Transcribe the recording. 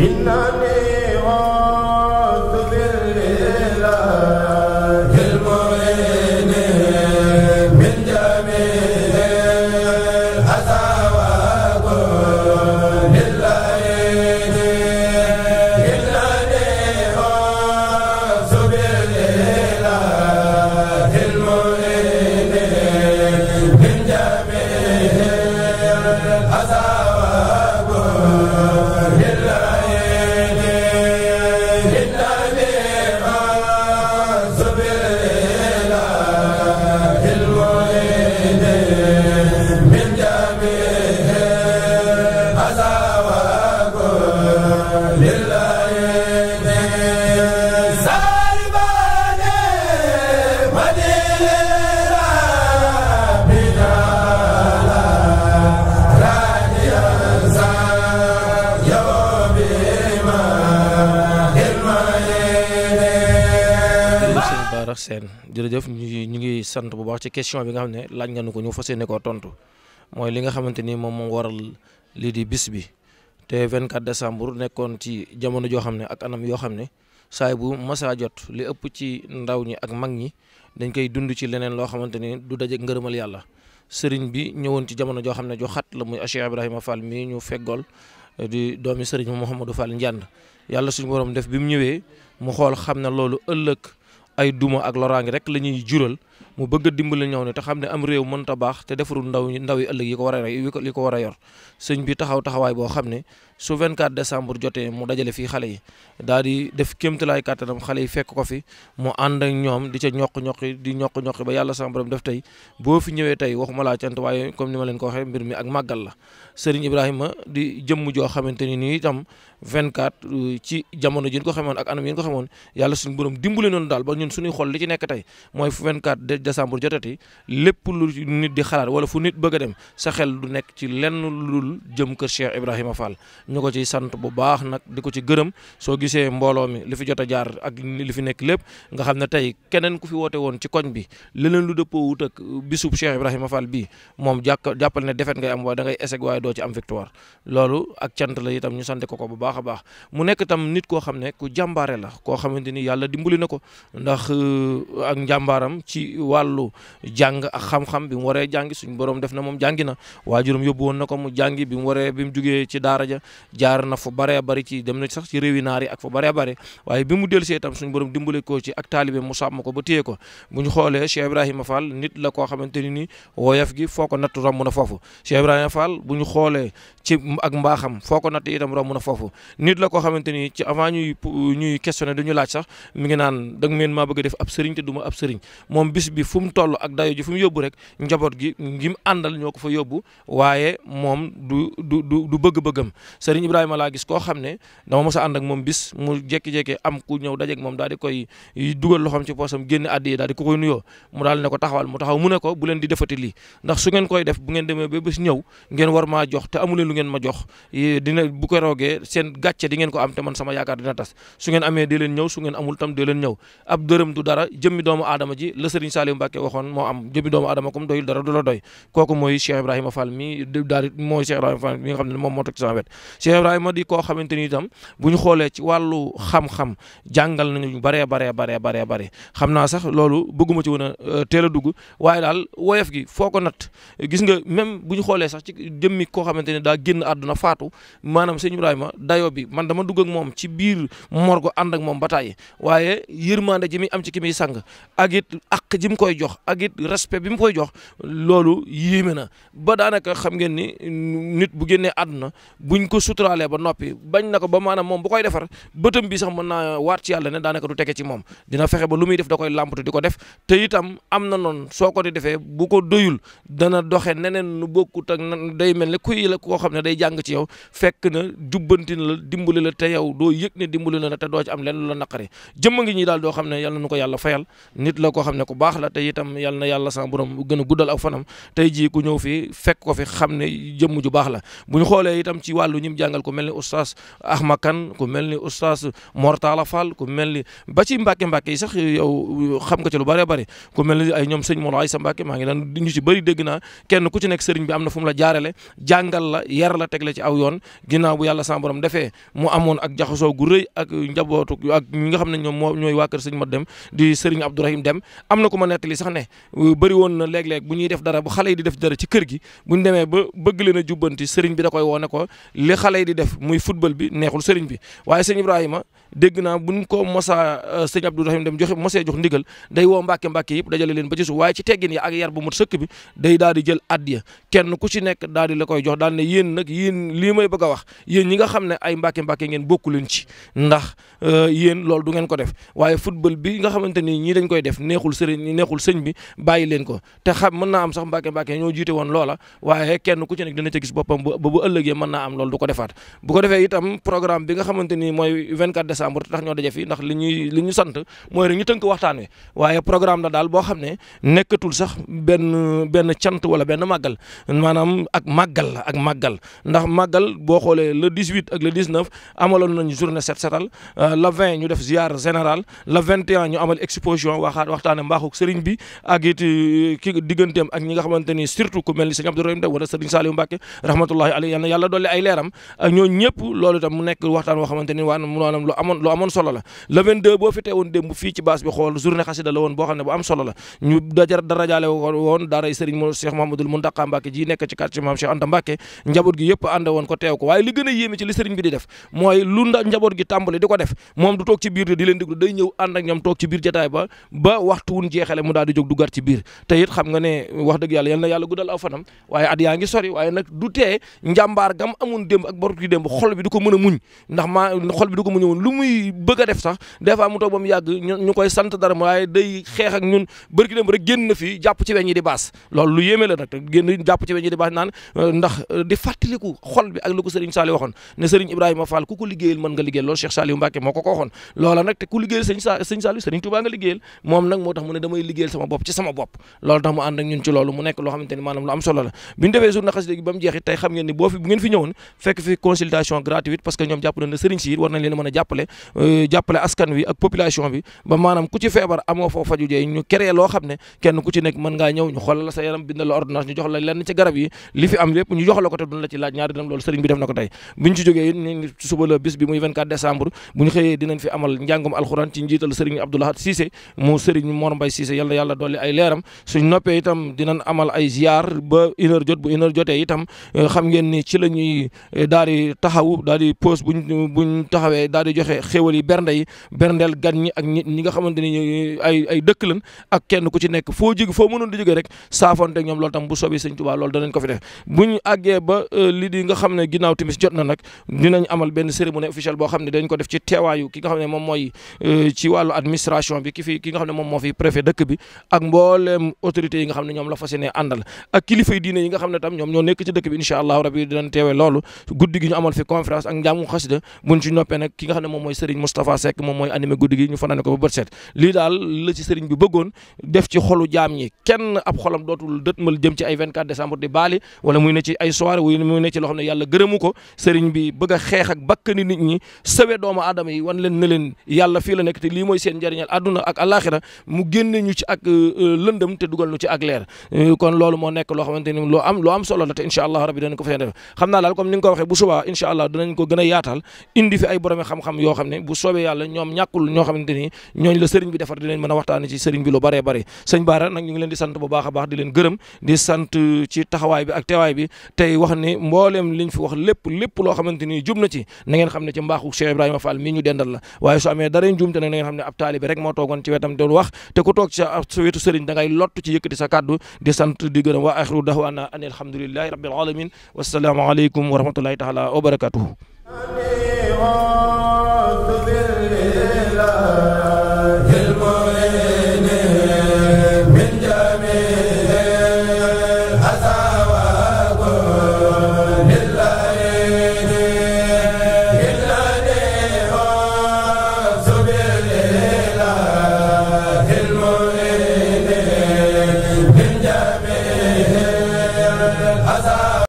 Inna Sène jërëjëf ñu ñu ngi sant bu baax ci question bi nga xam ne laaj nga nu ko ñu fas yéene tontu mooy li nga xamante ni moom moo waral lii di bis bi te 24 décembre nekkoon ci jamono joo xam ne ak anam yoo xam ne saay bu masaa jot li ëpp ci ndaw ñi ak mag ñi dañ koy dund ci leneen loo xamante ni du daje ngërëmal yàlla sëriñ bi ñëwoon ci jamono joo xam ne ju xat la muy Cheikh Ibrahima Fall mii ñu feggool di doomi sëriñ Mouhamadou Fall Ndiand yàlla suñu borom def bi mu ñëwee mu xool xam ne loolu ëllëg. ay duma ak loraange rek la ñuy jural mu bëgg a dimbali ñëw te xam ne am réew mënta baax te defarul ndaw yi ëllëg yi ko war a yor sëñ bi taxaw taxawaay boo xam ne su 24 décembre jotee mu dajale fii xale yi daal di def kéemtalaay kàttanam xale yi fekk ko fi mu ànd ak ñoom di ca ñoq-ñoqi di ñoq-ñoqi ba yàlla sama borom def tey boo fi ñëwee tey waxuma laa cant waaye comme ni ma leen ko waxee mbir mi ak màggal la sëriñ Ibrahima di jëmm joo xamante ni nii itam 24 euh, ci jamono ji ñu ko xamoon ak anam yi ñu ko xamoon yàlla suñu borom dimbali noonu daal ba ñun suñuy xol li ci nekk tey décembre jotati lépp lu nit di xalaat wala fu nit bëgg a dem sa xel du nekk ci lenn lul jëm kër Cheikh Ibrahima Fall ñu ko ci sant bu baax nag di ko ci gërëm soo gisee mbooloo mi li fi jot a jaar ak li fi nekk lépp nga xam ne tey keneen ku fi woote woon ci koñ bi leneen lu dëppoo wut ak bisub Cheikh Ibrahima Fall bii moom jàkk jàppal ne defet ngay am waaye da ngay échec waaye doo ci am victoire loolu ak cant la itam ñu sant ko ko bu baax a baax mu nekk tam nit koo xam ne ku jàmbaare la koo xamante ni yàlla dimbali na ko ndax euh, ak njàmbaaram ci wàllu jàng ak xam-xam bi mu waree jàngi suñu borom def na moom jàngi na waajuram yóbbu woon na ko mu jàngi bi mu waree bi mu jugee ci daara ja jaar na fu baree bari ci dem na sax ci réewi naar yi ak fu baree bari waaye bi mu dellusee itam suñ borom dimbale ko ci ak taalibe mu sàmm ko ba téye ko bu ñu xoolee Cheikh Ibrahima Fall nit la koo xamante ni nii woyof gi foo ko natt romb na foofu Cheikh Ibrahima Fall bu ñu xoolee ci ak mbaaxam foo ko natt itam romb na foofu nit la koo xamante ni ci avant ñuy ñuy questionné duñu laaj sax mi ngi naan dag meen maa bëgg def ab sëriñ te duma ab sëriñ bi fum tollu ak dayo ji fum yobbu rek njabot gi ngim andal ñoko fa yobbu waye mom du du du du bëgg-bëggam serigne Ibrahima la gis ko xamne dama mësa and ak mom bis mu jekki jekki am ku dajje ak mom daal di koy duggal loxam ci posam genn addi yi daal di ko koy nuyo mu daal ne ko taxawal mu taxaw mu ne ko bu len di defati li ndax su ngeen koy def bu ngeen demee be bis ñew ngeen war ma jox te amu leen lu ngeen ma jox dina bu ko roogee sen gàcce di ngeen ko am te man sama yaakaar dina tass su ngeen amé de len ñew su ngeen amul tam de len ñew ab deureum du dara jëmmi doomu aadama ji la Saliou Mbacke waxoon moo am jëmmi doomu adama comme doyul dara doy kooku mooy Cheikh Ibrahima Fall mi daal mooy Cheikh Ibrahima xam ne moom moo di koo xamante itam bu ñu xoolee ci wàllu xam-xam jàngal nañu baree baree baree baree baree xam naa sax loolu bëgguma ci woon a euh, a dugg waaye daal woyof gi foo ko nat gis nga même bu ñu xoolee sax ci jëmmi koo xamante ne daa génn àdduna faatu maanaam sëñ Ibrahima dayo bi man dama dugg ak moom ci biir morgo ànd moom ba tàyyi waaye yërmande ji mi koy jox ak it respect bi mu koy jox loolu yéeme na ba daanaka xam ngeen ni nit bu génnee àdduna buñ ko suturaalee ba noppi bañ na ko ba maanaam moom bu koy defar bëtam bi sax mën naa waat ci yàlla ne daanaka du tege ci moom dina fexe ba lu muy def da koy làmpatu di ko def te itam am na noonu soo ko di defee bu ko doyul dana doxe neneen nu bokkut nan day mel ne kuy la koo xam ne day jàng ci yow fekk na jubbanti na la dimbali la te yow doo yëg ne dimbali na te doo am lenn lu la naqari jëmm daal xam ne yàlla nu ko yàlla fayal te itam yal na yàlla sama borom gën a guddal ak fanam tey jii ku ñëw fii fekk ko fi xam ne jëmm ju baax la bu ñu xoolee itam ci wàllu ñim jàngal ku mel ni oustaz Ahma Kan ku mel ni oustaz Mortala Fall ku mel ni ba ci Mbàkke Mbàkke yi sax xam nga ci lu bëree bëri ku mel ni ay ñoom sëñ Molo Aysa Mbàkke maa ngi daan ñu ci bëri dégg naa kenn ku ci nekk sëriñ bi am na fu mu la jaarale jàngal la yar la teg le ci aw yoon ginnaaw bu yàlla sama borom defee mu amoon ak jaxasoo gu rëy ak njabootu ak ñi nga xam ne ñoom moo ñooy waa kër sëñ ma dem di sëriñ Abdourahim dem nettali sax ne euh, bëri woon na léeg-léeg bu ñuy def dara bu xale yi di def dara ci kër gi bu ñu demee ba bëgg leen a jubbanti sëriñ bi da koy woone ko li xale yi di def muy football bi neexul sëriñ bi waaye sëñ Ibrahima dégg naa buñ ko mosaa euh, sëñ Abdou Rahim dem joxe mosee jox ndigal day woo mbàkke mbàkke yëpp dajale leen ba ci suuf waaye ci teggin ya ak yar bu mot sëkk bi day daal di jël addiya kenn ku ci nekk daal di la koy jox daal ne yéen nag yéen lii may bëgg a wax yéen ñi nga xam ne ay mbàkke mbàkke ngeen bokku leen ci ndax euh, yéen loolu du ngeen ko def waaye football bi nga xamante ni ñii dañ koy def neexul sëriñ neexul sëñ bi bàyyi leen ko te xam mën naa am sax mbàkke mbàkke ñoo jiite woon loola waaye kenn ku ci nekk dina ca gis boppam ba bu ëllëgee mën naa am loolu du ko defaat bu ko defee itam programme bi nga xamante ni mooy 24 décembre tax ñoo daje fi ndax li ñu sant mooy rek ñu tënk waxtaan wi waaye programme la daal boo xam ne nekkatul sax benn benn cant wala benn màggal maanaam ak màggal la ak màggal ndax màggal boo xoolee le 18 ak le serigne bi ak it eh, ki digganteem ak ñi nga xamanteni surtout ku melni serigne sëriñ Abdourahim da wala serigne salim mbake rahmatullahi alayhi yalla yalla yàlla dolli ay leram ak eh, ñoo ñepp lolu tam mu nekk waxtaan wo xamanteni waan mu nonam lu amon lu amon solo la le 22 bo fi teewon dembu fi ci bass bi xol journée khassida la won bo xamne bu am solo la ñu dajar darajaale woon daaray serigne mo Cheikh Mahamadul muntaka mbake ji nekk ci quartier mam Cheikh Anta mbake njabot gi yëpp ànd woon ko teew ko waye li gën a ci li serigne bi di def moy lu njabot gi tambali diko def mom du tok ci biir di leen déglu day ñew and ak ñom tok ci biir jotaay ba ba waxtu wun jeexale xale mu daal di jóg du gar ci biir te it xam nga ne wax dëgg yàlla yal na yàlla guddal aw fanam waaye at yaa ngi sori waaye nag du tee njàmbaar gam amun démb ak bortu démb xol du ko mën a muñ ndax maa xol du ko muñ lu muy bëgg a def sax des mu toog ba mu yàgg ñu koy sant dara waaye day xeex ñun bërki démb rek génn fi jàpp ci weñ yi baas loolu lu yéeme la nag di baas naan euh, ndax euh, ak lu ko Serigne Saliou waxoon ne Serigne Ibrahima Fall ku ko liggéeyal liggéeyal sama bopp ci sama bopp loolu tax mu ànd am solo la bi defee journée xasida gi ba jeexit tey xam ngeen ni boo fi bu ngeen fi ñëwoon fekk fi consultation gratuite parce que ñoom jàpp nañ sëriñ si it war nañ euh, bi ñu créé yi ñu jox la ko bi def na ko tey buñ bu ñu xëyee dinañ fi amal njàngum alxuraan ci njiital sëriñ Abdoulahat Cissé mu sëriñ Mor Mbaye Cissé yal na yàlla dolli ay leeram suñ noppee itam dinañ amal ay ziar ba une jot bu une jotee itam eh, xam ngeen ni ci la ñuy eh, daal di taxaw daal di pause buñ buñ taxawee daal joxe xéwal berndeel gan ñi nga xamante ay dëkk lan ak kenn ku ci nekk foo jig foo mënoon di jógee rek saafonte ak ñoom loolu tam bu soobee sëñ Tuubaa loolu danañ ko fi buñ àggee ba eh, li nga xam ne ginnaaw timis jot na nag dinañ amal benn cérémonie officielle boo xam ne dañ ko def ci teewaayu ki nga bi ak mbooleem autorités yi nga xam ne ñoom la fas yéene ak kilifa diine yi nga xam ne tam ñoom ñoo nekk ci dëkk bi incha allahu rabi dinañ teewe loolu guddi gi ñu amal fi conférence ak njaamu xasida buñ ci noppee nag ki nga ne ko ba bët set lii daal la ci Serigne bi bëggoon def ci xolu jaam ñi kenn ab xolam dootul dëtmal jëm ci ay 24 décembre di baali wala muy ne ci ay soirée muy ne ci loo xam ne yàlla gërëmu ko Serigne ci ak euh, euh, lëndëm te dugal nu ci ak leer euh, kon loolu moo nekk loo xamante ni loo am loo am solo la te incha allah rabi danañ ko fee def xam naa daal comme ni nga ko waxee bu subaa incha allah danañ ko gën a yaatal fi ñoom ñàkkul ñoo ñooñ la sëriñ bi defar dinañ mën a waxtaane ci sëriñ bi lu baree bare sëñ Baara nag ñu leen di sant bu baax baax di leen gërëm di sant ci taxawaay bi ak teewaay bi tey wax ni mbooleem liñ fi wax lépp lépp loo xamante ni jub na ci na ngeen xam ne ci mbaaxu Cheikh Ibrahima Fall mii ñu dendal la waaye su sa wetu sëriñ da ngay lott ci yëkkati sa kàddu di sant di gërëm waa axiru dahwaana an alhamdulillahi rabbil alamin wassalaamu aleykum wa rahmatullahi taala wa barakatuhu